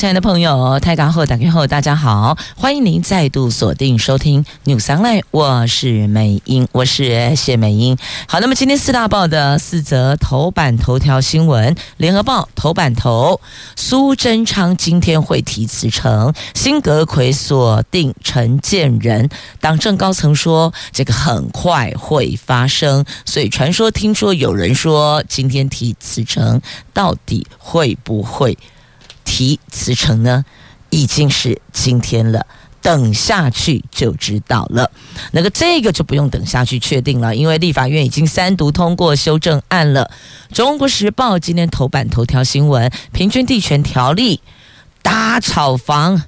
親愛的朋友，泰港澳打開後，大家好，歡迎您再度鎖定收聽《NEWS ONLINE》，我是美英，我是謝美英。好，那麼今天四大報的四則頭版頭條新聞：聯合報頭版頭，蘇貞昌今天會提辭呈，新閣揆鎖定陳建仁，黨政高層說這個很快會發生，所以傳說聽說有人說今天提辭呈，到底會不會？提辭呈呢，已經是今天了，等下去就知道了。那個這個就不用等下去確定了，因為立法院已經三讀通過修正案了。中國時報今天頭版頭條新聞：平均地權條例打炒房，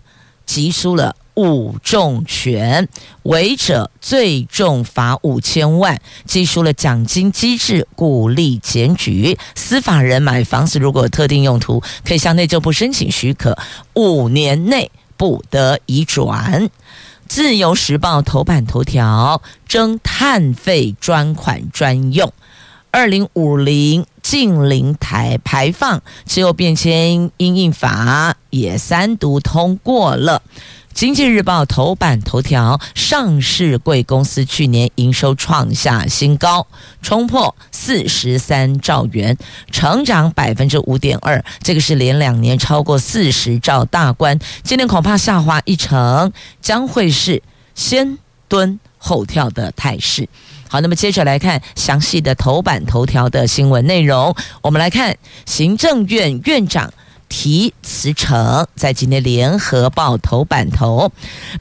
急輸了。五重權，違者最重罰五千萬。提出了獎金機制，鼓勵檢舉。司法人買房子，如果有特定用途，可以向內政部申請許可，五年內不得移轉。自由時報頭版頭條：徵碳費專款專用。二零五零淨零台排放，氣候變遷因應法也三讀通過了。經濟日報頭版頭條：上市櫃公司去年營收創下新高，衝破四十三兆元，成長百分之五點二，這個是連兩年超過四十兆大關。今年恐怕下滑一成，將會是先蹲後跳的態勢。好，那麼接着來看詳細的頭版頭條的新聞內容。我們來看行政院院長。提辭呈，在今天聯合報頭版頭，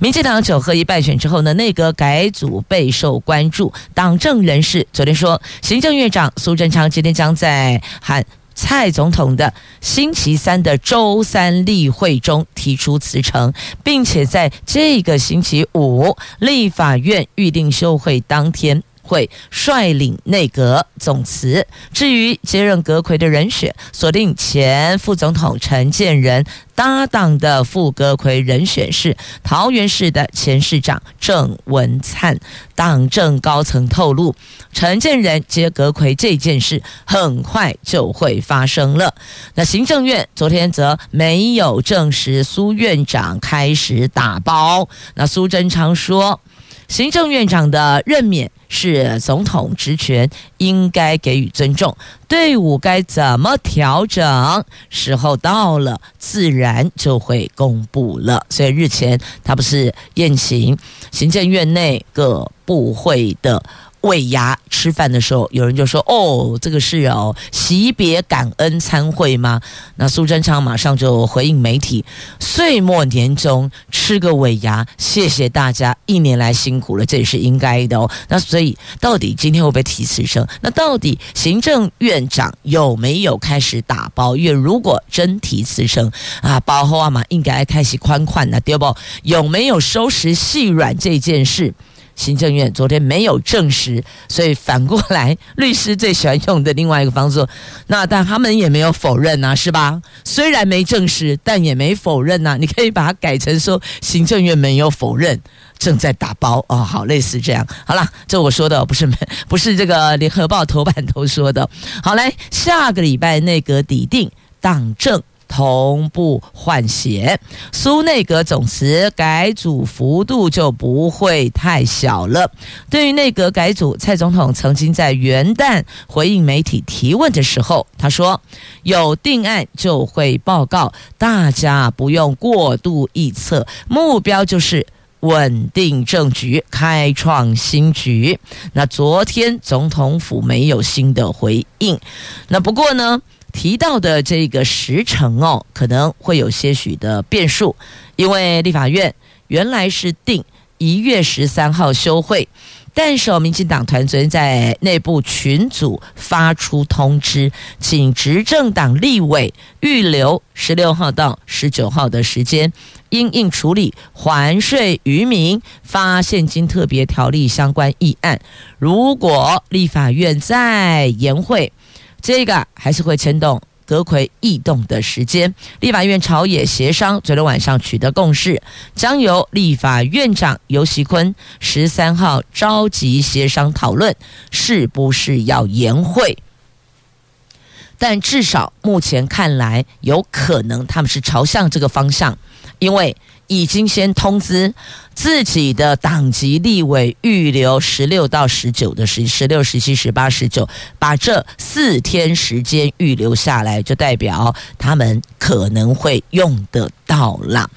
民進黨九合一敗選之後呢，內閣改組備受關注。黨政人士昨天說，行政院長蘇貞昌今天將在和蔡總統的星期三的周三例會中提出辭呈，並且在這個星期五立法院預定休會當天，會率領內閣總辭。至於接任閣揆的人選，鎖定前副總統陳建仁搭檔的副閣揆人選是桃園市的前市長鄭文燦。黨政高層透露，陳建仁接閣揆這件事很快就會發生了。那行政院昨天則沒有證實蘇院長開始打包。那蘇貞昌說。行政院長的任免是總統職權，應該給予尊重。隊伍該怎麼調整？時候到了，自然就會公布了。所以日前他不是宴請行政院內各部會的。尾牙吃飯的時候，有人就說：“哦，這個是哦，惜別感恩餐會嗎？”那蘇貞昌馬上就回應媒體：“歲末年終吃個尾牙，謝謝大家一年來辛苦了，這也是應該的哦。”那所以，到底今天會不會提辭呈？那到底行政院長有沒有開始打包？因為如果真提辭呈啊，包袱啊嘛應該開始寬寬了，對不？有沒有收拾細軟這件事？行政院昨天沒有證實，所以反過來，律師最喜歡用的另外一個方式，那但他們也沒有否認呢、啊，是吧？雖然沒證實，但也沒否認吶、啊。你可以把它改成說，行政院沒有否認，正在打包哦，好，類似這樣。好啦，這我說的不是沒不是這個聯合報頭版頭說的。好，來下個禮拜內閣底定，黨政。同步換血，蘇內閣總辭改組幅度就不會太小了。對於內閣改組，蔡總統曾經在元旦回應媒體提問的時候，他說：“有定案就會報告，大家不用過度臆測，目標就是穩定政局，開創新局。”那昨天總統府沒有新的回應。那不過呢，提到的這個時程哦，可能會有些許的變數，因為立法院原來是定一月十三號休會，但是、哦、民進黨團昨天在內部群組發出通知，請執政黨立委預留十六號到十九號的時間，因應處理還稅於民發現金特別條例相關議案。如果立法院再延會。這個還是會牽動閣揆異動的時間。立法院朝野協商昨天晚上取得共識，將由立法院長游錫堃十三號召集協商討論，是不是要延會？但至少目前看來，有可能他們是朝向這個方向，因為。已經先通知自己的黨籍立委預留十六到十九的時十六、十七、十八、十九，把這四天時間預留下來，就代表他們可能會用得到啦。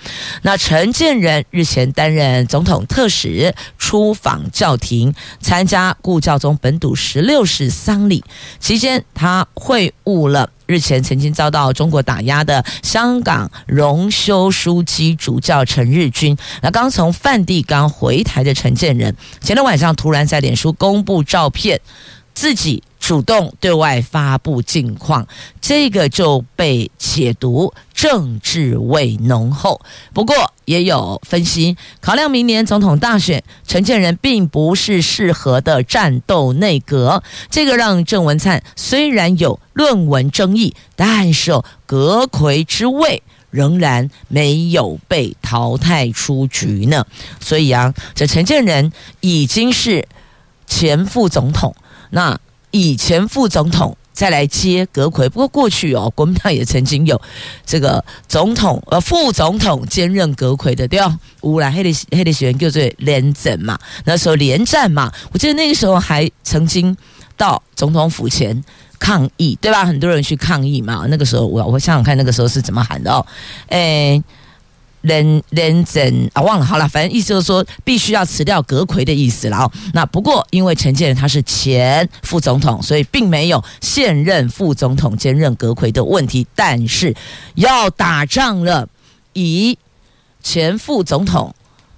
那陳建仁日前擔任總統特使出訪教廷，參加顧教宗本篤十六世喪禮期間，他會晤了。日前曾經遭到中國打壓的香港榮休樞機主教陳日君，那剛從梵蒂岡回台的陳建仁，前天晚上突然在臉書公布照片，自己主動對外發布近況，這個就被解讀政治味濃厚。不過。也有分析考量，明年總統大選，陳建仁並不是適合的戰鬥內閣。這個讓鄭文燦雖然有論文爭議，但是哦，閣揆之位仍然沒有被淘汰出局呢。所以啊，這陳建仁已經是前副總統，那以前副總統。再來接閣揆，不過過去哦，國民黨也曾經有這個總統呃，副總統兼任閣揆的，對吧、哦？烏拉黑的黑的喜歡叫做連戰嘛，那時候連戰嘛，我記得那個時候還曾經到總統府前抗議，對吧？很多人去抗議嘛，那個時候我我想想看，那個時候是怎麼喊的哦，哎。人人怎啊？忘了，好了，反正意思就是說，必須要辭掉閣揆的意思了啊、喔。那不過，因為陳建仁他是前副總統，所以並沒有現任副總統兼任閣揆的問題。但是要打仗了，以前副總統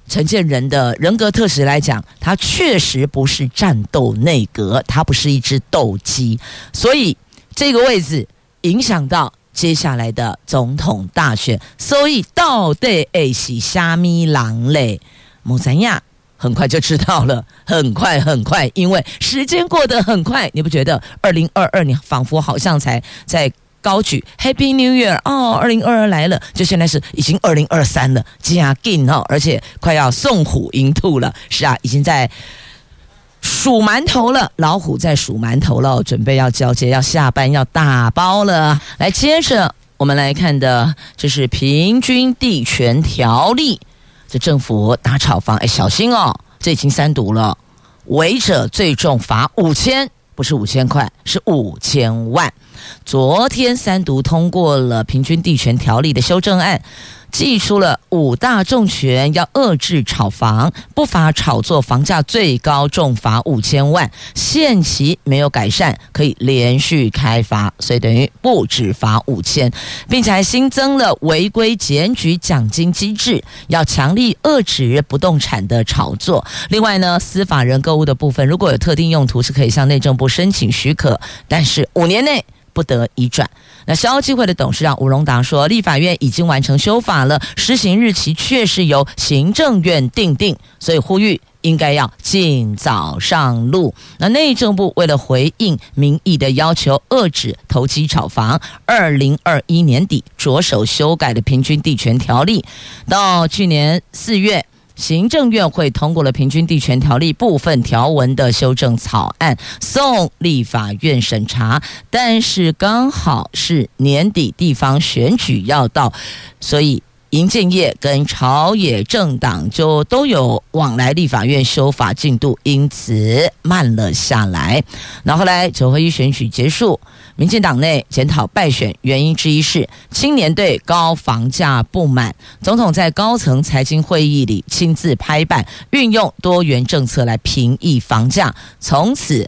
陳建仁的人格特質來講，他確實不是戰鬥內閣，他不是一隻鬥雞，所以這個位置影響到接下來的總統大選，所以到底誒是蝦米狼嘞？冇怎亞很快就知道了，很快很快，因為時間過得很快，你不覺得？二零二二年仿佛好像才在高舉 Happy New Year 哦，二零二二來了，就現在是已經二零二三了加 i 哦，而且快要送虎迎兔了，是啊，已經在。數饅頭了，老虎在數饅頭嘍，準備要交接，要下班，要打包了。來，接着我們來看的，這、就是《平均地權條例》，這政府打炒房，哎，小心哦，這已經三讀了，違者最重罰五千，不是五千塊，是五千萬。昨天三讀通過了《平均地權條例》的修正案。祭出了五大重拳，要遏制炒房，不法炒作，房價最高重罰五千萬，限期沒有改善可以連續開罰，所以等於不止罰五千，並且還新增了違規檢舉獎金機制，要強力遏制不動產的炒作。另外呢，司法人購物的部分，如果有特定用途是可以向內政部申請許可，但是五年內。不得移轉。那消基會的董事長吳榮達說，立法院已經完成修法了，實行日期確實由行政院訂定，所以呼籲應該要儘早上路。那內政部為了回應民意的要求，遏制投機炒房，二零二一年底着手修改的平均地權條例，到去年四月。行政院會通過了《平均地權條例》部分條文的修正草案，送立法院審查。但是剛好是年底，地方選舉要到，所以，.民建業跟朝野政黨就都有往來，立法院修法進度因此慢了下來。那後來九合一選舉結束，民進黨內檢討敗選原因之一是青年對高房價不滿。總統在高層財經會議裡親自拍板，運用多元政策來平抑房價。從此，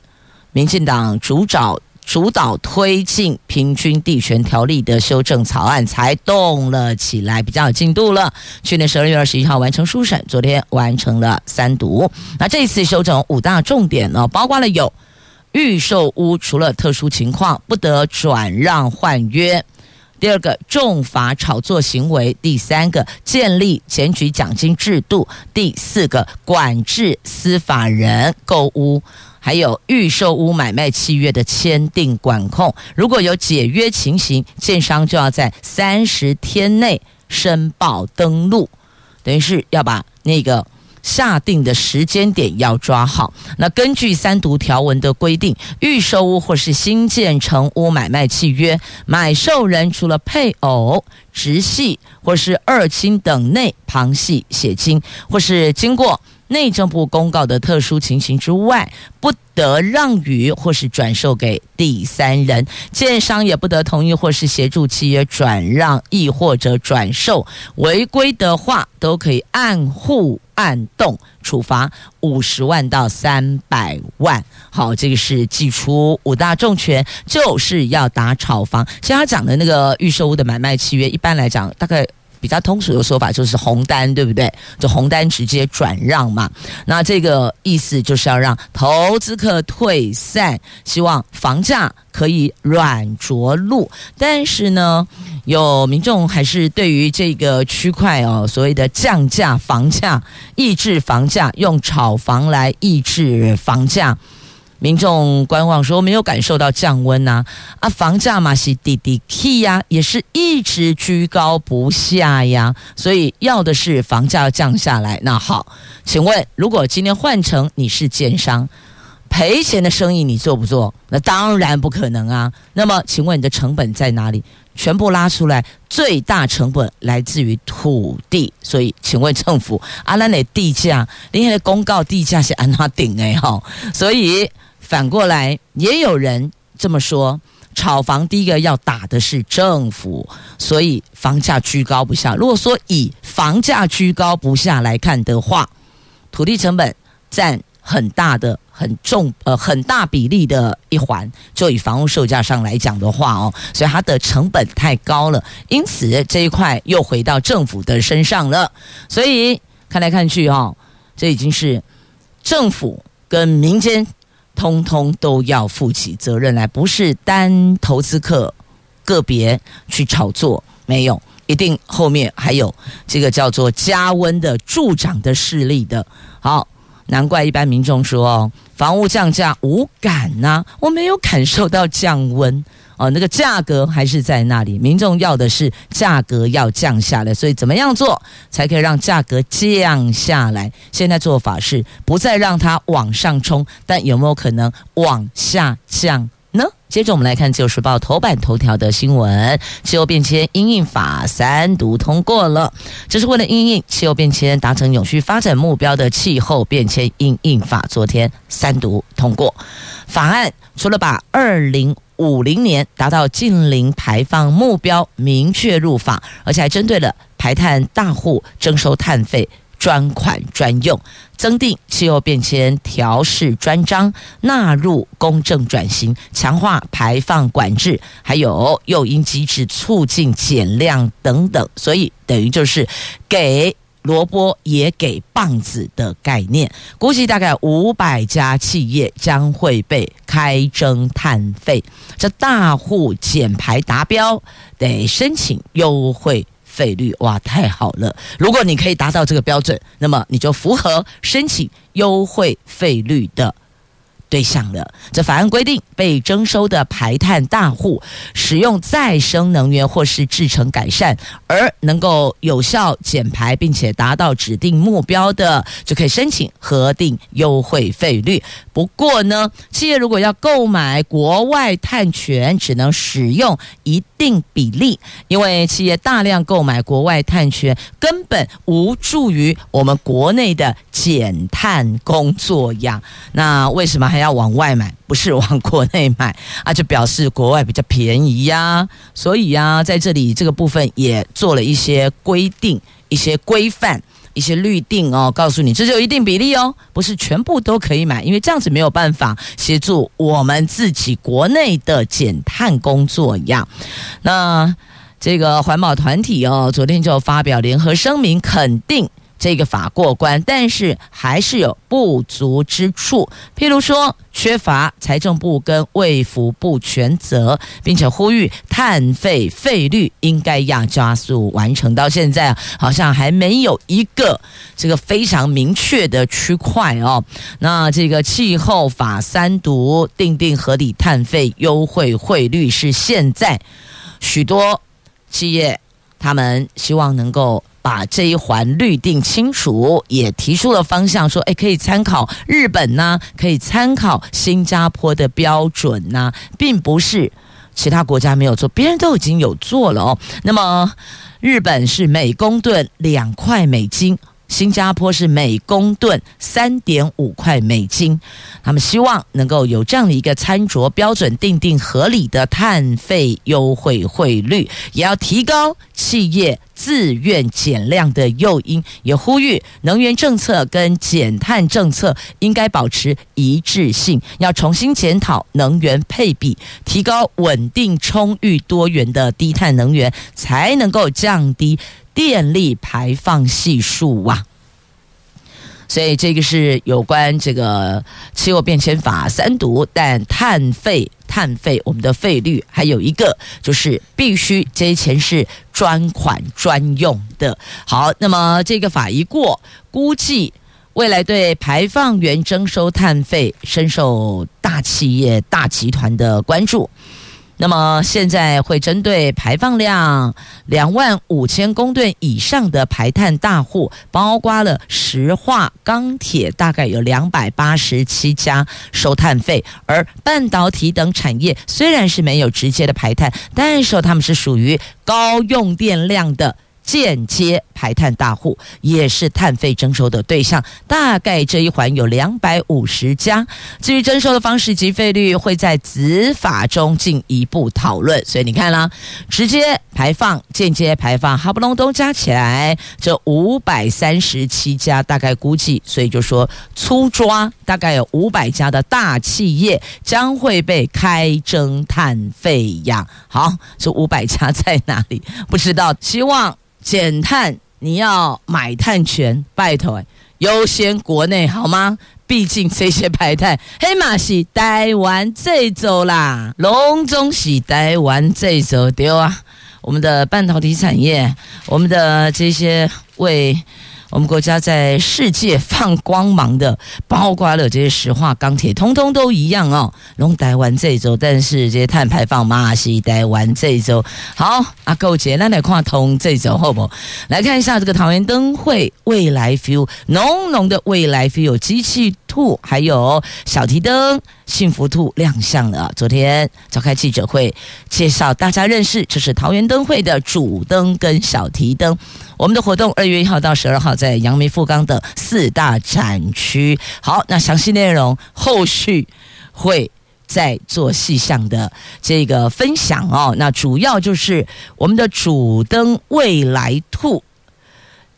民進黨主找。主導推進《平均地權條例》的修正草案才動了起來，比較有進度了。去年十二月二十一號完成初審，昨天完成了三讀。那這次修正五大重點呢，包括了有：預售屋除了特殊情況不得轉讓換約；第二個，重罰炒作行為；第三個，建立檢舉獎金制度；第四個，管制私法人購屋。還有預售屋買賣契約的簽訂管控，如果有解約情形，建商就要在三十天內申報登錄，等於是要把那個下定的時間點要抓好。那根據三讀條文的規定，預售屋或是新建成屋買賣契約，買受人除了配偶、直系或是二親等內旁系血親，或是經過。內政部公告的特殊情形之外，不得讓與或是轉售給第三人，建商也不得同意或是協助契約轉讓，亦或者轉售。違規的話，都可以按戶按棟處罰五十萬到三百萬。好，這個是祭出五大重拳，就是要打炒房。像他講的那個預售屋的買賣契約，一般來講，大概。比較通俗的說法就是紅單，對不對？就紅單直接轉讓嘛。那這個意思就是要讓投資客退散，希望房價可以軟着陸。但是呢，有民眾還是對於這個區塊哦，所謂的降價房價、抑制房價，用炒房來抑制房價。民眾觀望說沒有感受到降溫吶、啊，啊房價嘛是滴滴起呀，也是一直居高不下呀、啊，所以要的是房價要降下來。那好，請問如果今天換成你是建商，賠錢的生意你做不做？那當然不可能啊。那麼請問你的成本在哪裡？全部拉出來，最大成本來自於土地。所以請問政府阿拉、啊、的地價，你那公告地價是安怎定的哈、哦？所以。反過來，也有人這麼說，炒房第一個要打的是政府，所以房價居高不下。如果說以房價居高不下來看的話，土地成本佔很大的、很重、呃、很大比例的一環。就以房屋售價上來講的話哦，所以它的成本太高了。因此這一塊又回到政府的身上了。所以看來看去啊、哦，這已經是政府跟民間。通通都要負起責任來，不是單投資客個別去炒作，沒有，一定後面還有這個叫做加溫的助長的勢力的。好，難怪一般民眾說哦，房屋降價無感呢，我沒有感受到降溫。哦，那個價格還是在那裡。民眾要的是價格要降下來，所以怎麼樣做才可以讓價格降下來？現在做法是不再讓它往上衝，但有沒有可能往下降呢？接着我們來看《舊時報》頭版頭條的新聞：氣候變遷因應法三讀通過了，這是為了因應氣候變遷、達成永續發展目標的氣候變遷因應法，昨天三讀通過。法案除了把二零五零年達到淨零排放目標明確入法，而且還針對了排碳大戶徵收碳費專款專用，增訂氣候變遷調適專章納入公正轉型，強化排放管制，還有誘因機制促進減量等等，所以等於就是給。蘿蔔也給棒子的概念，估計大概五百家企業將會被開徵碳費。這大戶減排達標得申請優惠費率，哇，太好了！如果你可以達到這個標準，那麼你就符合申請優惠費率的。對象了。這法案規定，被徵收的排碳大戶使用再生能源或是製程改善，而能夠有效減排並且達到指定目標的，就可以申請核定優惠費率。不過呢，企業如果要購買國外碳權，只能使用一定比例，因為企業大量購買國外碳權，根本無助於我們國內的減碳工作呀。那為什麼還要往外買？不是往國內買啊？就表示國外比較便宜呀、啊。所以呀、啊，在這裡這個部分也做了一些規定，一些規範。一些綠定哦，告訴你，這就一定比例哦，不是全部都可以買，因為這樣子沒有辦法協助我們自己國內的減碳工作呀。樣。那這個環保團體哦，昨天就發表聯合聲明，肯定。這個法過關，但是還是有不足之處，譬如說缺乏財政部跟衛福部全責，並且呼籲碳費費率應該要加速完成。到現在好像還沒有一個這個非常明確的區塊哦。那這個氣候法三讀定定合理碳費優惠匯率是現在許多企業他們希望能夠。把這一環律定清楚，也提出了方向，說，誒，可以參考日本呢，可以參考新加坡的標準呢，並不是其他國家沒有做，別人都已經有做了哦。那麼，日本是每公噸兩塊美金。新加坡是每公噸三點五塊美金，他們希望能夠有這樣的一個餐桌標準，定定合理的碳費優惠匯率，也要提高企業自願減量的誘因，也呼籲能源政策跟減碳政策應該保持一致性，要重新檢討能源配比，提高穩定、充裕、多元的低碳能源，才能夠降低。電力排放係數啊，所以這個是有關這個《氣候變遷法》三讀。但碳費、碳費，我們的費率，還有一個就是必須這些錢是專款專用的。好，那麼這個法一過，估計未來對排放源徵收碳費，深受大企業、大集團的關注。那麼現在會針對排放量兩萬五千公噸以上的排碳大戶，包括了石化、鋼鐵，大概有兩百八十七家收碳費。而半導體等產業雖然是沒有直接的排碳，但是他們是屬於高用電量的。間接排碳大戶也是碳費徵收的對象，大概這一環有兩百五十家。至於徵收的方式及費率，會在子法中進一步討論。所以你看啦，直接排放、間接排放，哈不隆咚加起來，這五百三十七家大概估計。所以就說，粗抓大概有五百家的大企業將會被開徵碳費呀。好，這五百家在哪裡？不知道，希望。減碳，你要買碳權拜託，優先國內好嗎？畢竟這些排碳，黑馬是台灣製造啦，隆中是台灣製造對啊！我們的半導體產業，我們的這些為。我們國家在世界放光芒的，包括了這些石化、鋼鐵，通通都一樣哦。龍後完這一周，但是這些碳排放馬是台完這一周。好，啊苟杰，那來看通這周好，好不？好來看一下這個桃園燈會未來 feel 濃濃的未來 feel 機器兔，還有小提燈、幸福兔亮相了。昨天召開記者會，介紹大家認識，這是桃園燈會的主燈跟小提燈。我們的活動二月一號到十二號，在楊梅、富岡的四大展區。好，那詳細內容後續會再做細項的這個分享哦。那主要就是我們的主燈未來兔。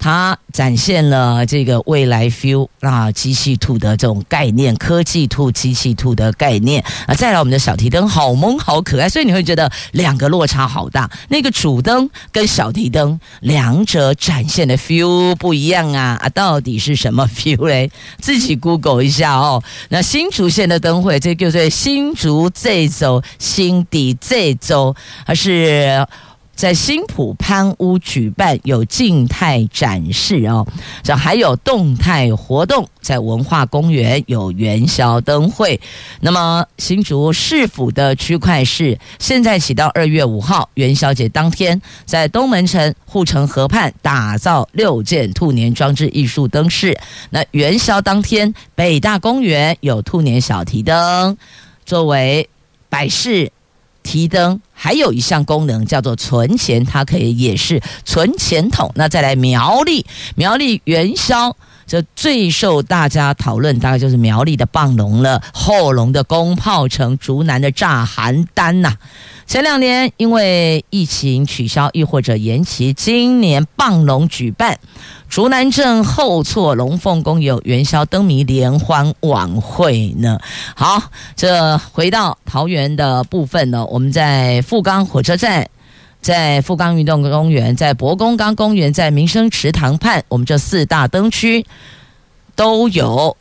它展現了這個未來 feel 啊，機器兔的這種概念，科技兔、機器兔的概念啊。再來，我們的小提燈好萌好可愛，所以你會覺得兩個落差好大。那個主燈跟小提燈兩者展現的 feel 不一樣啊！啊，到底是什麼 feel 嘞？自己 Google 一下哦。那新竹縣的燈會，這就是新竹這周、新地這周還是？在新埔潘屋舉辦有靜態展示哦，這還有動態活動，在文化公園有元宵燈會。那麼新竹市府的區塊是現在起到二月五號元宵節當天，在東門城護城河畔打造六件兔年裝置藝術燈飾。那元宵當天，北大公園有兔年小提燈作為擺飾提燈。還有一項功能叫做存錢，它可以也是存錢筒。那再來苗栗，苗栗元宵，這最受大家討論，大概就是苗栗的棒龍了，後龍的攻炮城、竹南的炸邯鄲吶。前兩年因為疫情取消，亦或者延期，今年棒龍舉辦，竹南鎮後厝龍鳳宮有元宵燈謎聯歡晚會呢。好，這回到桃園的部分呢，我們在富岡火車站。在富岡運動公園，在博公岡公園，在民生池塘畔，我們這四大燈區都有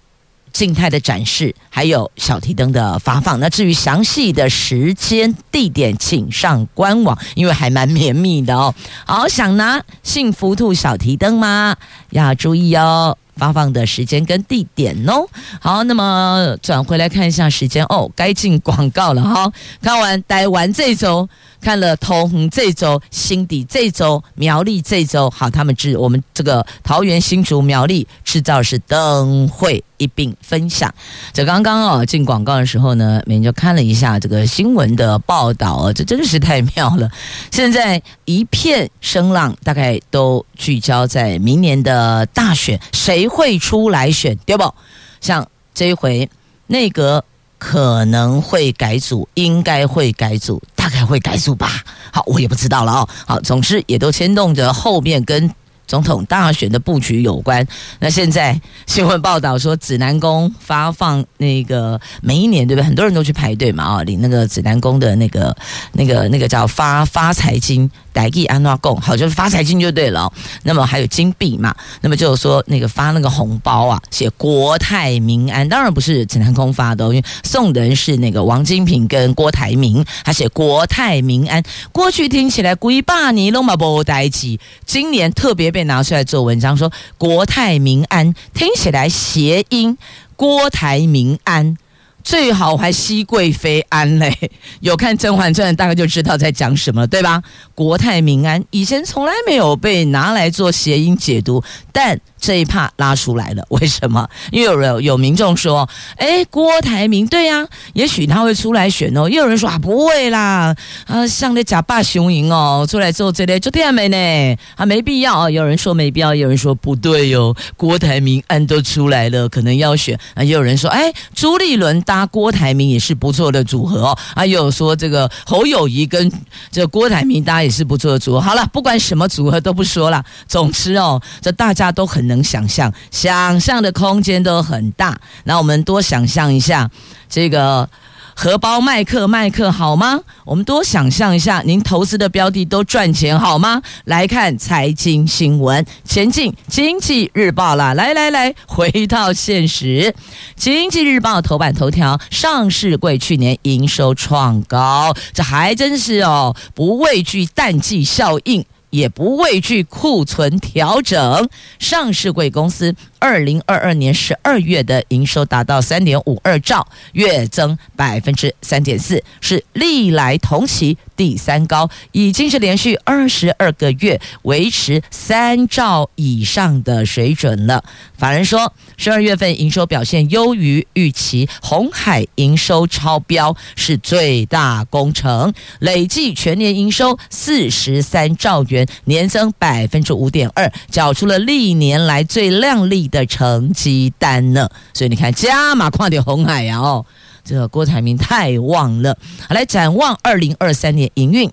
靜態的展示，還有小提燈的發放。那至於詳細的時間、地點，請上官網，因為還蠻綿密的哦。好，想拿幸福兔小提燈嗎？要注意哦，發放的時間跟地點哦。好，那麼轉回來看一下時間哦，該進廣告了哈、哦。看完待完這週。看了桃紅這週、新地這週、苗栗這週，好，他們知我們這個桃園新竹苗栗制造是燈會一併分享。這剛剛啊、哦、進廣告的時候呢，美英就看了一下這個新聞的報道、哦，這真的是太妙了。現在一片聲浪，大概都聚焦在明年的大選，誰會出來選？對不？像這一回內閣。那個可能會改組，應該會改組，大概會改組吧。好，我也不知道了哦。好，總之也都牽動着後面跟總統大選的布局有關。那現在新聞報道說，指南宮發放那個每一年，對不對？很多人都去排隊嘛，哦，領那個指南宮的那個、那個、那個叫發發財金。台語按怎講好，就是發財金就對了，哦。那麼還有金幣嘛？那麼就是說那個發那個紅包啊，寫國泰民安，當然不是指南宮發的，哦，因為送的人是那個王金平跟郭台銘，還寫國泰民安。過去聽起來古鬼巴尼龍嘛不呆機，今年特別被拿出來做文章，說國泰民安聽起來諧音郭台銘安。最好還熹貴妃安嘞，有看《甄嬛傳》大概就知道在講什麼了，對吧？國泰民安，以前從來沒有被拿來做諧音解讀，但。這一帕拉出來了，為什麼？因為有有民眾說，哎、欸，郭台銘對呀、啊，也許他會出來選哦。又有人說啊，不會啦，啊，像那假霸雄贏哦，出來做這咧、個，做天沒呢，啊，沒必要、哦。有人說沒必要，有人說不對喲、哦。郭台銘案都出來了，可能要選。啊，也有人說，哎、欸，朱立倫搭郭台銘也是不錯的組合哦。啊，又有說這個侯友宜跟這個郭台銘搭也是不錯的組合。好了，不管什麼組合都不說了。總之哦，這大家都很。能想象，想象的空間都很大。那我們多想象一下，這個荷包麥克麥克好嗎？我們多想象一下，您投資的標的都賺錢好嗎？來看財經新聞，前進經濟日報啦！來來來，回到現實，經濟日報頭版頭條：上市櫃去年營收創高，這還真是哦，不畏懼淡季效應。也不畏懼，庫存調整，上市櫃公司，二零二二年十二月的營收達到三點五二兆，月增百分之三點四，是歷來同期第三高，已經是連續二十二個月維持三兆以上的水準了。法人說，十二月份營收表現優於預期，紅海營收超標是最大功臣，累計全年營收四十三兆元，年增百分之五點二，交出了歷年來最亮麗的成績單呢？所以你看，加碼跨點紅海呀、啊，哦，這個郭台銘太旺了。好，來展望二零二三年營運，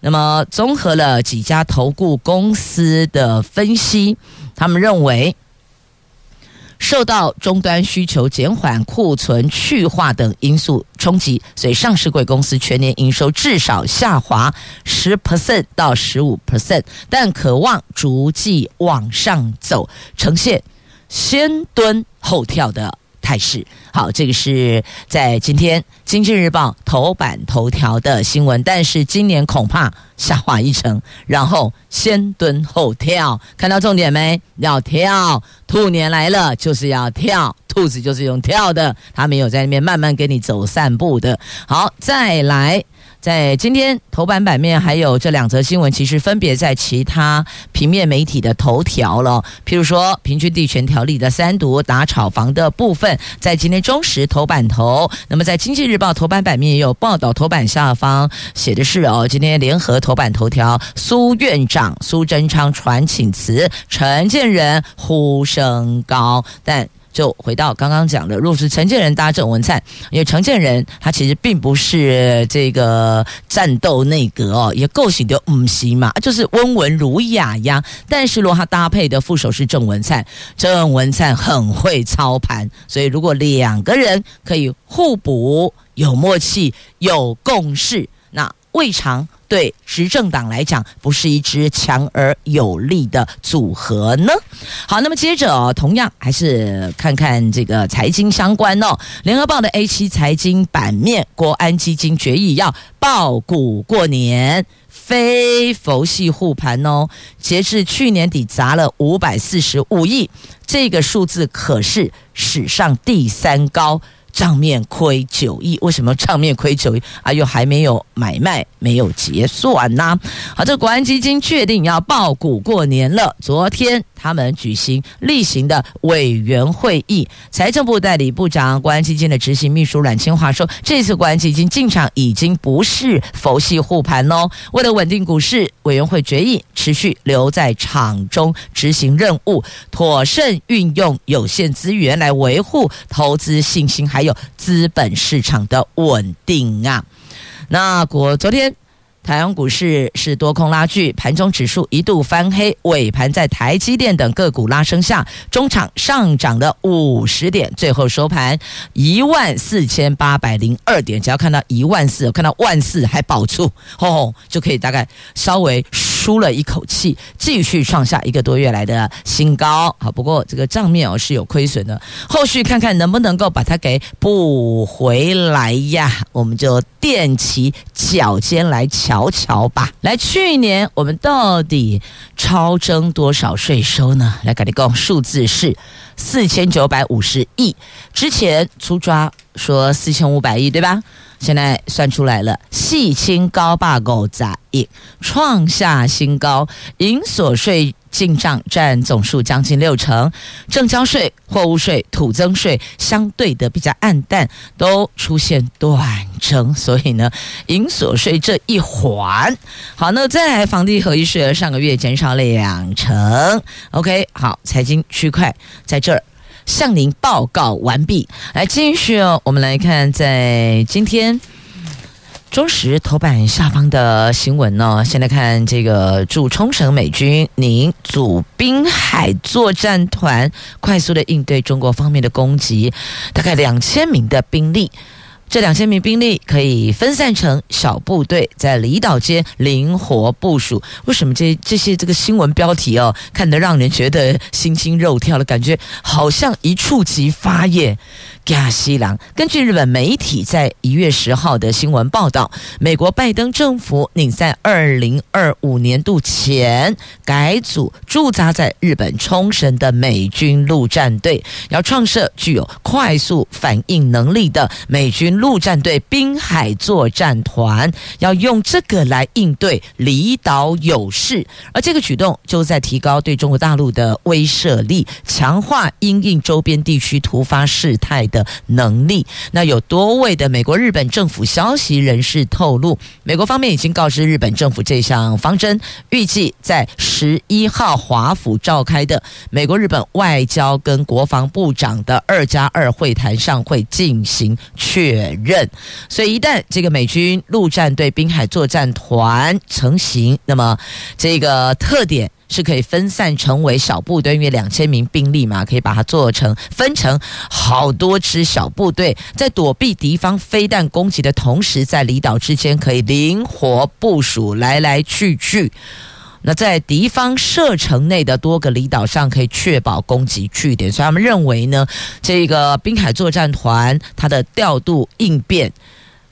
那麼綜合了幾家投顧公司的分析，他們認為，受到終端需求減緩、庫存去化等因素衝擊，所以上市櫃公司全年營收至少下滑十 percent 到十五 percent，但可望逐季往上走，呈現。先蹲後跳的態勢，好，這個是在今天《經濟日報》頭版頭條的新聞。但是今年恐怕下滑一成，然後先蹲後跳，看到重點沒？要跳，兔年來了就是要跳，兔子就是用跳的，它沒有在那邊慢慢跟你走散步的。好，再來。在今天頭版版面還有這兩則新聞，其實分別在其他平面媒體的頭條了。譬如說《平均地權條例》的三讀打炒房的部分，在今天《中時》頭版頭；那麼在《經濟日報》頭版版面也有報道，頭版下方寫的是哦，今天聯合頭版頭條：蘇院長蘇貞昌傳請辭，陳建仁呼聲高，但。就回到剛剛講的，如果是陳建仁搭鄭文燦，因為陳建仁他其實並不是這個戰鬥內閣哦，也夠型的，唔型嘛，就是溫文儒雅呀。但是如果他搭配的副手是鄭文燦，鄭文燦很會操盤，所以如果兩個人可以互補、有默契、有共識。未嘗對執政黨來講不是一支強而有力的組合呢。好，那麼接着、哦、同樣還是看看這個財經相關哦。聯合報的 A7 財經版面，國安基金決議要抱股過年，非佛系護盤哦。截至去年底砸了五百四十五億，這個數字可是史上第三高。賬面虧九億，為什麼賬面虧九億啊？又還沒有買賣，沒有結算吶、啊，好，這個、國安基金確定要抱股過年了。昨天。他們舉行例行的委員會議，財政部代理部長、國安基金的執行秘書阮清華說：“這次國安基金進場已經不是佛系護盤嘍、哦，為了穩定股市，委員會決議持續留在場中執行任務，妥善運用有限資源來維護投資信心，還有資本市場的穩定啊。”那我昨天。台灣股市是多空拉鋸，盤中指數一度翻黑，尾盤在台積電等個股拉升下，中場上漲了五十點，最後收盤一萬四千八百零二點。只要看到一萬四，看到萬四還保住，吼、哦、吼，就可以大概稍微。出了一口氣，繼續創下一個多月來的新高。好，不過這個賬面哦是有虧損的，後續看看能不能夠把它給補回來呀？我們就墊起腳尖來瞧瞧吧。來，去年我們到底超徵多少稅收呢？來你說，趕緊公數字是四千九百五十億。之前粗抓說四千五百億，對吧？現在算出來了，細清高八狗在一創下新高，營所稅進賬佔總數將近六成，證交稅、貨物稅、土增稅相對的比較暗淡，都出現短徵，所以呢，營所稅這一環好，那在房地合一稅上個月減少了兩成。OK，好，財經區塊在這兒。向您報告完畢。來，繼續、哦、我們來看，在今天《中時》頭版下方的新聞呢、哦，先來看這個駐沖繩美軍您組濱海作戰團快速的應對中國方面的攻擊，大概兩千名的兵力。這兩千名兵力可以分散成小部隊，在離島間靈活部署。為什麼這這些這個新聞標題哦，看得讓人覺得心驚肉跳的感覺，好像一觸即發耶？加西蘭，根據日本媒體在一月十號的新聞報道，美國拜登政府擬在二零二五年度前改組駐紮在日本沖繩的美軍陸戰隊，要創設具有快速反應能力的美軍陸戰隊濱海作戰團，要用這個來應對離島有事，而這個舉動就在提高對中國大陸的威懾力，強化因應周邊地區突發事態。的能力，那有多位的美國、日本政府消息人士透露，美國方面已經告知日本政府這項方針，預計在十一號華府召開的美國、日本外交跟國防部長的二加二會談上會進行確認。所以，一旦這個美軍陸戰隊濱海作戰團成型，那麼這個特點。是可以分散成為小部隊，因為兩千名兵力嘛，可以把它做成分成好多支小部隊，在躲避敵方飛彈攻擊的同時，在離島之間可以靈活部署來來去去。那在敵方射程內的多個離島上，可以確保攻擊據點。所以他們認為呢，這個濱海作戰團它的調度應變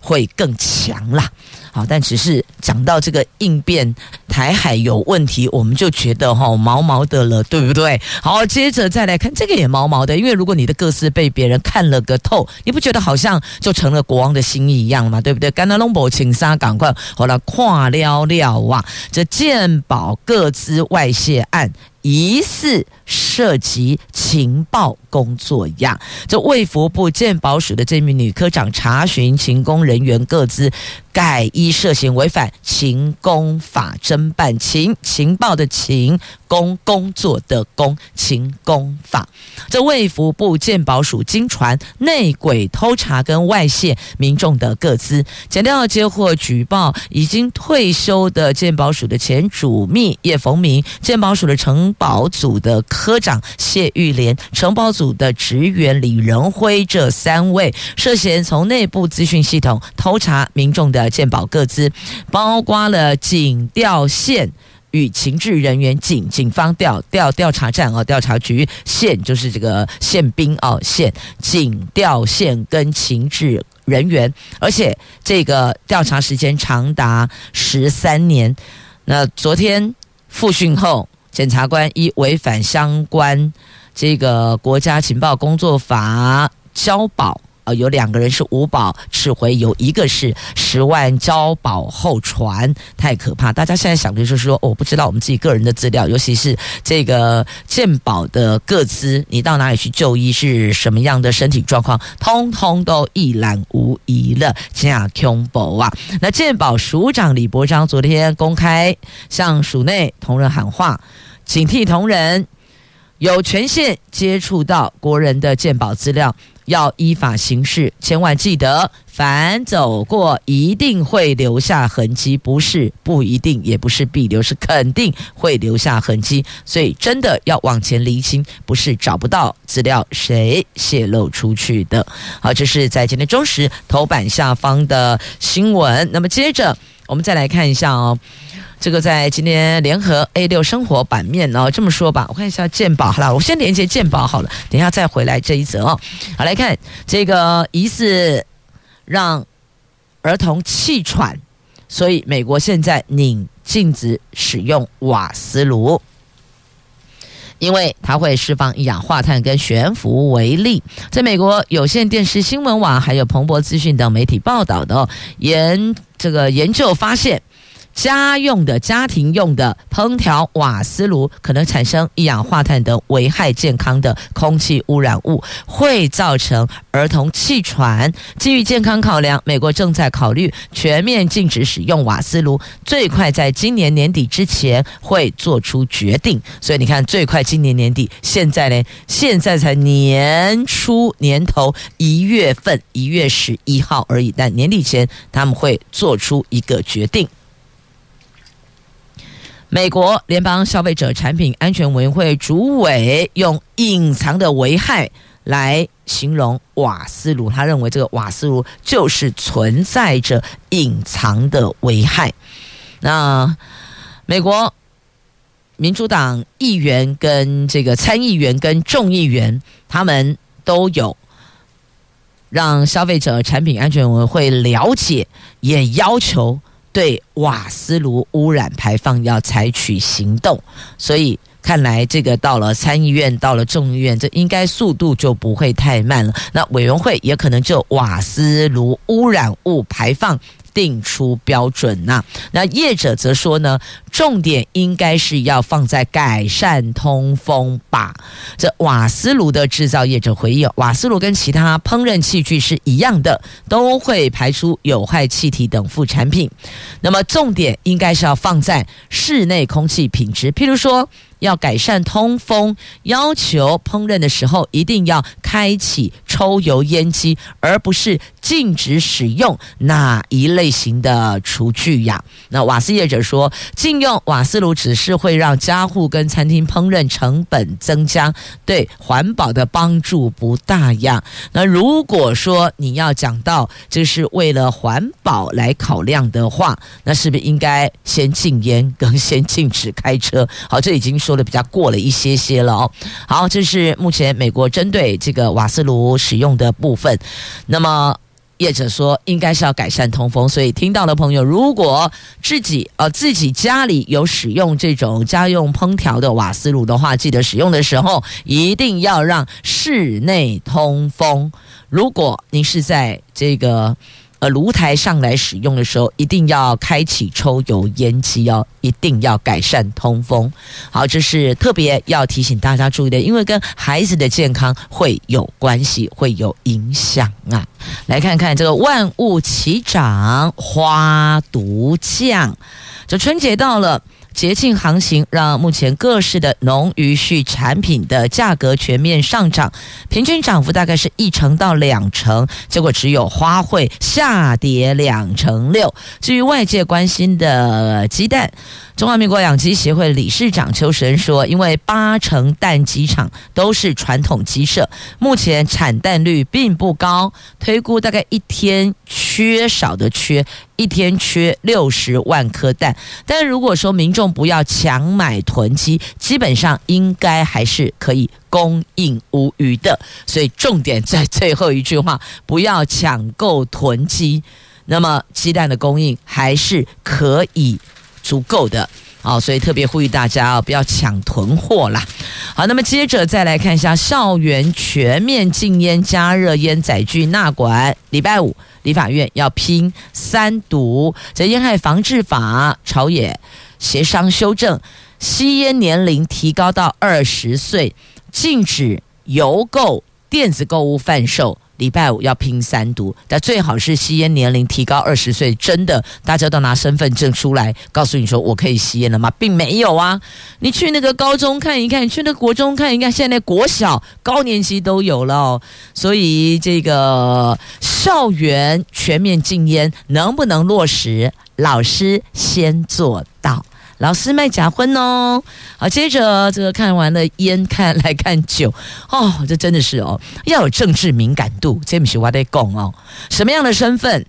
會更強啦。好，但只是講到這個應變，台海有問題，我們就覺得吼、哦、毛毛的了，對不對？好，接着再來看這個也毛毛的，因為如果你的個資被別人看了個透，你不覺得好像就成了國王的新衣一樣嘛，對不對？甘拿隆博，請殺趕快，好了，跨撩撩啊！這健保個資外洩案，疑似。涉及情報工作一樣，這衛福部健保署的這名女科長查詢情工人員個資，該依，涉嫌違反情工法偵辦情情報的情工工作的工情工法。這衛福部健保署驚傳內鬼偷查，跟外泄民眾的個資，檢調接獲舉報，已經退休的健保署的前主秘葉逢明，健保署的承保組的，科長謝玉蓮、承保組的職員李仁輝，這三位涉嫌從內部資訊系統偷查民眾的健保個資，包括了警調線與情治人員警警方調調調，調查站哦調查局線就是這個憲兵哦線警調線跟情治人員，而且這個調查時間長達十三年。那昨天複訊後。檢察官依違反相關這個國家情報工作法，交保。啊、呃，有兩個人是無保請回，有一個是十萬交保候傳，太可怕！大家現在想的就是說，我、哦、不知道我們自己個人的資料，尤其是這個健保的個資，你到哪裡去就醫，是什麼樣的身體狀況，通通都一覽無遺了，真恐怖啊！那健保署長李伯璋昨天公開向署內同仁喊話，警惕同仁有權限接觸到國人的健保資料。要依法行事，千萬記得，凡走過，一定會留下痕跡，不是不一定，也不是必留，是肯定會留下痕跡。所以真的要往前釐清，不是找不到資料，誰洩露出去的？好，這是在今天中時頭版下方的新聞。那麼接着我們再來看一下哦。這個在今天聯合 A 六生活版面哦，這麼說吧，我看一下健保，好了，我先連接健保，好了，等一下再回來這一則哦。好來看這個疑似讓兒童氣喘，所以美國現在擬禁止使用瓦斯爐，因為它會釋放一氧化碳跟懸浮微粒。在美國有線電視新聞網還有彭博資訊等媒體報道的哦，研這個研究發現，家用的家庭用的烹調瓦斯爐可能產生一氧化碳等危害健康的空氣污染物，會造成兒童氣喘。基於健康考量，美國正在考慮全面禁止使用瓦斯爐，最快在今年年底之前會做出決定。所以你看，最快今年年底，現在呢，現在才年初年頭一月份一月十一號而已，但年底前他們會做出一個決定。美國聯邦消費者產品安全委員會主委用“隱藏的危害”來形容瓦斯爐，他認為這個瓦斯爐就是存在着隱藏的危害。那美國民主黨議員跟這個參議員跟眾議員，他們都有讓消費者產品安全委員會了解，也要求。對瓦斯爐污染排放要採取行動，所以。看來這個到了參議院，到了眾議院，這應該速度就不會太慢了。那委員會也可能就瓦斯爐污染物排放定出標準吶。那業者則說呢，重點應該是要放在改善通風吧。這瓦斯爐的制造業者回應：瓦斯爐跟其他烹飪器具是一樣的，都會排出有害氣體等副產品。那麼重點應該是要放在室內空氣品質，譬如說。要改善通風，要求烹飪的時候一定要開啟抽油煙機，而不是禁止使用哪一類型的廚具呀？那瓦斯業者說，禁用瓦斯爐只是會讓家戶跟餐廳烹飪成本增加，對環保的幫助不大呀。那如果說你要講到就是為了環保來考量的話，那是不是應該先禁煙跟先禁止開車？好，這已經說。做的比較過了一些些了哦。好，這是目前美國針對這個瓦斯爐使用的部分。那麼，業者說應該是要改善通風，所以聽到的朋友，如果自己呃自己家裡有使用這種家用烹調的瓦斯爐的話，記得使用的時候一定要讓室內通風。如果您是在這個。呃，爐台上來使用的時候，一定要開啟抽油煙機，哦，一定要改善通風。好，這是特別要提醒大家注意的，因為跟孩子的健康會有關係，會有影響啊。來看看這個萬物齊漲，花獨降，就春節到了。節慶行情讓目前各式的農漁畜產品的價格全面上漲，平均漲幅大概是一成到兩成，結果只有花卉下跌兩成六。至於外界關心的雞蛋。中華民國養雞協會理事長邱神說：“因為八成蛋雞場都是傳統雞舍，目前產蛋率並不高，推估大概一天缺少的，缺一天缺六十萬顆蛋。但如果說民眾不要搶買囤積，基本上應該還是可以供應無虞的。所以重點在最後一句話：不要搶購囤積。那麼雞蛋的供應還是可以。”足夠的，好、哦，所以特別呼籲大家啊、哦，不要搶囤貨啦。好，那麼接着再來看一下，校園全面禁煙，加熱煙載具納管。禮拜五，立法院要拼三讀，在《煙害防治法》朝野協商修正，吸煙年齡提高到二十歲，禁止郵購、電子購物販售。禮拜五要拼三讀，但最好是吸菸年齡提高二十歲，真的，大家都拿身份證出來告訴你說，我可以吸菸了嗎？並沒有啊，你去那個高中看一看，你去那個國中看一看，現在國小高年級都有了哦，所以這個校園全面禁菸能不能落實？老師先做到。老師賣假婚哦，好，接着這個看完了煙看，看來看酒，哦，這真的是哦，要有政治敏感度，這不是我在講哦，什麼樣的身份，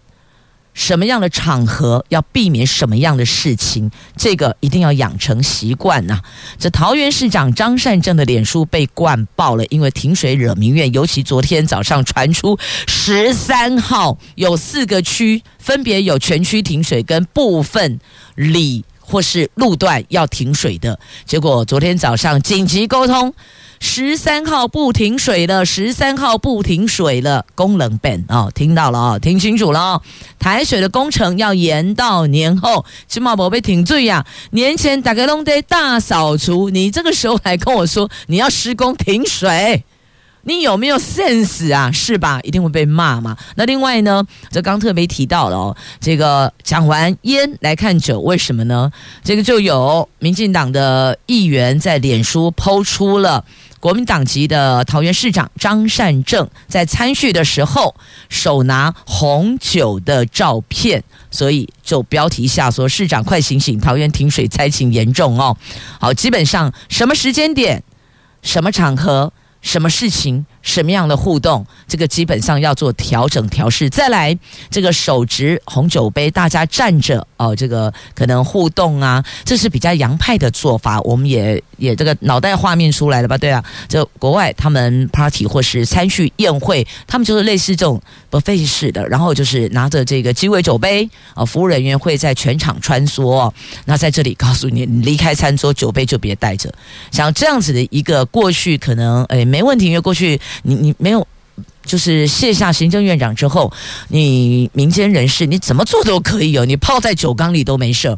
什麼樣的場合要避免什麼樣的事情，這個一定要養成習慣吶、啊。這桃園市長張善政的臉書被灌爆了，因為停水惹民怨，尤其昨天早上傳出十三號有四個區分別有全區停水跟部分里。或是路段要停水的。結果，昨天早上緊急溝通，十三號不停水了，十三號不停水了，功能變哦，聽到了哦，聽清楚了哦，台水的工程要延到年後，起碼寶貝停罪呀，年前打個龍的大掃除，你這個時候還跟我說你要施工停水。你有沒有 sense 啊？是吧？一定會被罵嘛。那另外呢，就剛特別提到了哦，這個講完煙來看酒，為什麼呢？這個就有民進黨的議員在臉書拋出了國民黨籍的桃園市長張善政在餐敘的時候手拿紅酒的照片，所以就標題一下說：“市長快醒醒，桃園停水災情嚴重哦。”好，基本上什麼時間點，什麼場合？什麼事情？什麼樣的互動？這個基本上要做調整調試。再來，這個手持紅酒杯，大家站着哦，這個可能互動啊，這是比較洋派的做法。我們也也這個腦袋畫面出來了吧？對啊，就國外他們 party 或是餐敘宴會，他們就是類似這種 buffet 式的，然後就是拿着這個雞尾酒杯啊，哦，服務人員會在全場穿梭。那在這裡告訴你，你離開餐桌酒杯，就別帶着。像這樣子的一個過去，可能誒、哎、沒問題，因為過去。你你沒有，就是卸下行政院長之後，你民間人士你怎麼做都可以哦，你泡在酒缸裡都沒事。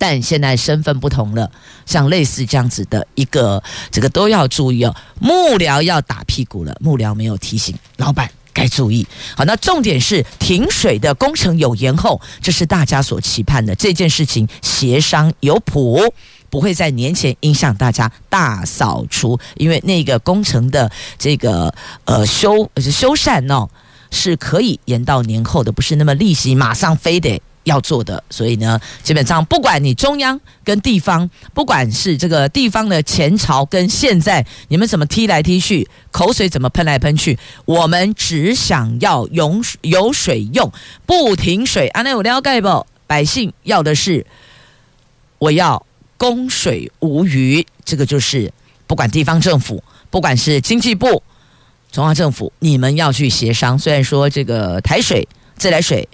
但現在身份不同了，像類似這樣子的一個這個都要注意哦。幕僚要打屁股了，幕僚沒有提醒老板該注意。好，那重點是停水的工程有延後，這是大家所期盼的這件事情協商有譜。不會在年前影響大家大掃除，因為那個工程的這個呃修修繕哦是可以延到年後的，不是那麼立即，馬上非得要做的。所以呢，基本上不管你中央跟地方，不管是這個地方的前朝跟現在，你們怎麼踢來踢去，口水怎麼噴來噴去，我們只想要有有水用，不停水。啊，那有了解不？百姓要的是，我要。供水無虞，這個就是不管地方政府，不管是經濟部、中央政府，你們要去協商。雖然說這個台水自來水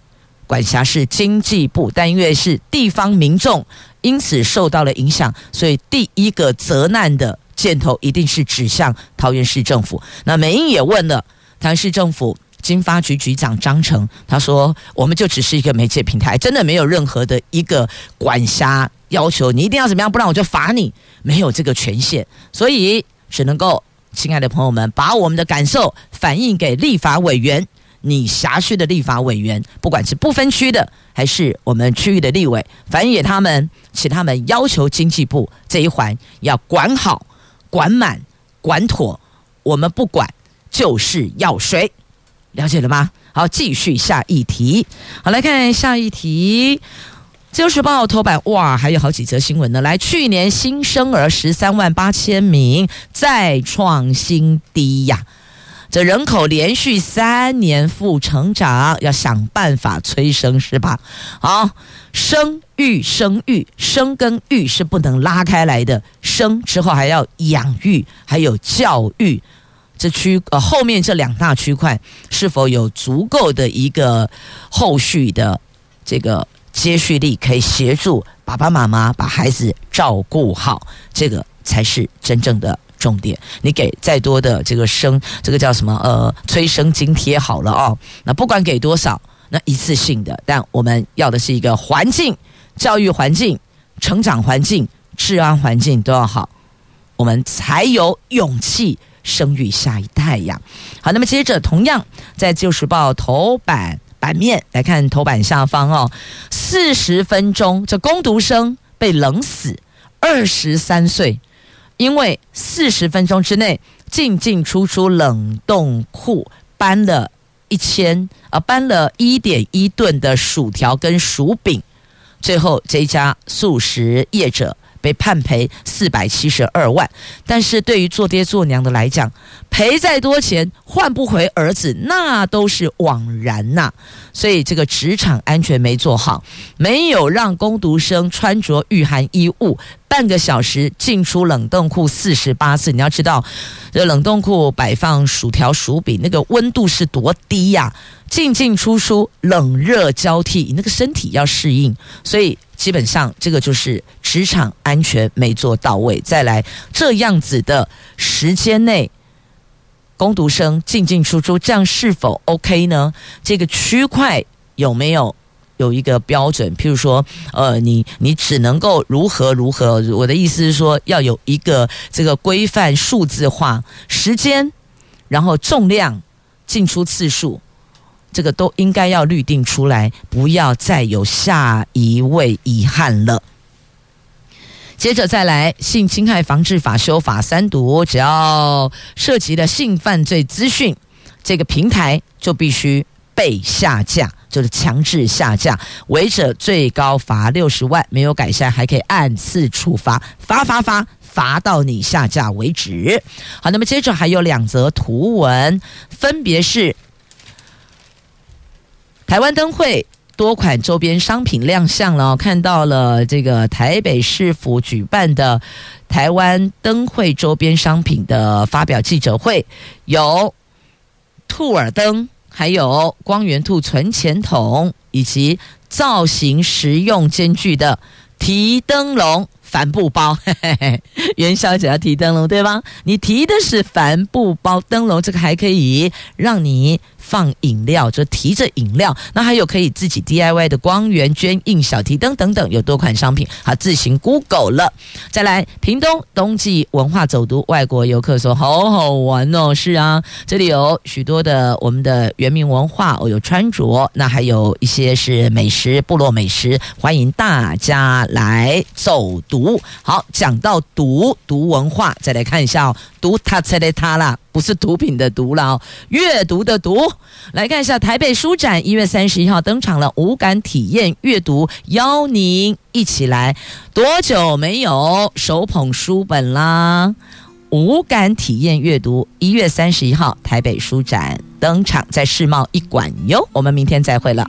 管轄是經濟部，但因為是地方民眾因此受到了影響，所以第一個責難的箭頭一定是指向桃園市政府。那美英也問了桃園市政府，經發局局長張成他說：“我們就只是一個媒介平台，真的沒有任何的一個管轄要求，你一定要怎麼樣？不然我就罰你，沒有這個權限，所以只能夠親愛的朋友們，把我們的感受反映給立法委員，你轄區的立法委員，不管是不分區的，還是我們區域的立委，反映給他們，請他們要求經濟部這一環要管好、管滿、管妥，我們不管，就是要稅。”了解了嗎？好，繼續下一題。好，來看下一題。《自由時報》頭版。哇，還有好幾則新聞呢。來，去年新生兒十三萬八千名，再創新低呀。這人口連續三年負成長，要想辦法催生是吧？好，生育、生育、生跟育是不能拉開來的，生之後還要養育，還有教育。這區呃，後面這兩大區塊是否有足夠的一個後續的這個接續力，可以協助爸爸媽媽把孩子照顧好，這個才是真正的重點。你給再多的這個生這個叫什麼呃催生津貼好了哦，那不管給多少，那一次性的，但我們要的是一個環境，教育環境、成長環境、治安環境都要好，我們才有勇氣。生育下一代呀，好，那麼接着，同樣在《舊時報》頭版版面來看，頭版下方哦，四十分鐘這工讀生被冷死，二十三歲，因為四十分鐘之內進進出出冷凍庫搬了一千啊，搬了一點一噸的薯條跟薯餅，最後這一家速食業者。被判賠四百七十二萬，但是對於做爹做娘的來講，賠再多錢換不回兒子，那都是枉然吶、啊。所以這個職場安全沒做好，沒有讓工讀生穿着御寒衣物，半個小時進出冷凍庫四十八次。你要知道，這冷凍庫擺放薯條薯餅，那個溫度是多低呀、啊？進進出出，冷熱交替，你那個身體要適應。所以。基本上，這個就是職場安全沒做到位。再來，這樣子的時間內，工讀生進進出出，這樣是否 OK 呢？這個區塊有沒有有一個標準？譬如說，呃，你你只能夠如何如何？我的意思是說，要有一個這個規範、數字化時間，然後重量進出次數。這個都應該要律定出來，不要再有下一位遺憾了。接着再來，《性侵害防治法》修法三讀，只要涉及的性犯罪資訊，這個平台就必須被下架，就是強制下架，違者最高罰六十萬，沒有改善還可以按次處罰，罰罰罰罰到你下架為止。好，那麼接着還有兩則圖文，分別是。台灣燈會多款周邊商品亮相了哦，看到了這個台北市府舉辦的台灣燈會周邊商品的發表記者會，有兔耳燈，還有光源兔存錢筒，以及造型實用兼具的提燈籠帆布包。 元宵節要提燈籠對吧？你提的是帆布包燈籠，這個還可以讓你。放飲料，就提着飲料。那還有可以自己 DIY 的光源、絹印小提燈等，等等，有多款商品，好自行 Google 了。再來，屏東冬季文化走讀，外國遊客說好好玩哦。是啊，這裡有許多的我們的原民文化，哦，有穿着，那還有一些是美食，部落美食，歡迎大家來走讀。好，講到讀讀文化，再來看一下哦。讀他才的他啦，不是毒品的毒了哦，閱讀的讀。來看一下台北書展，一月三十一號登場了，五感體驗閱讀，邀您一起來。多久沒有手捧書本啦？五感體驗閱讀，一月三十一號台北書展登場，在世貿一館喲。我們明天再會了。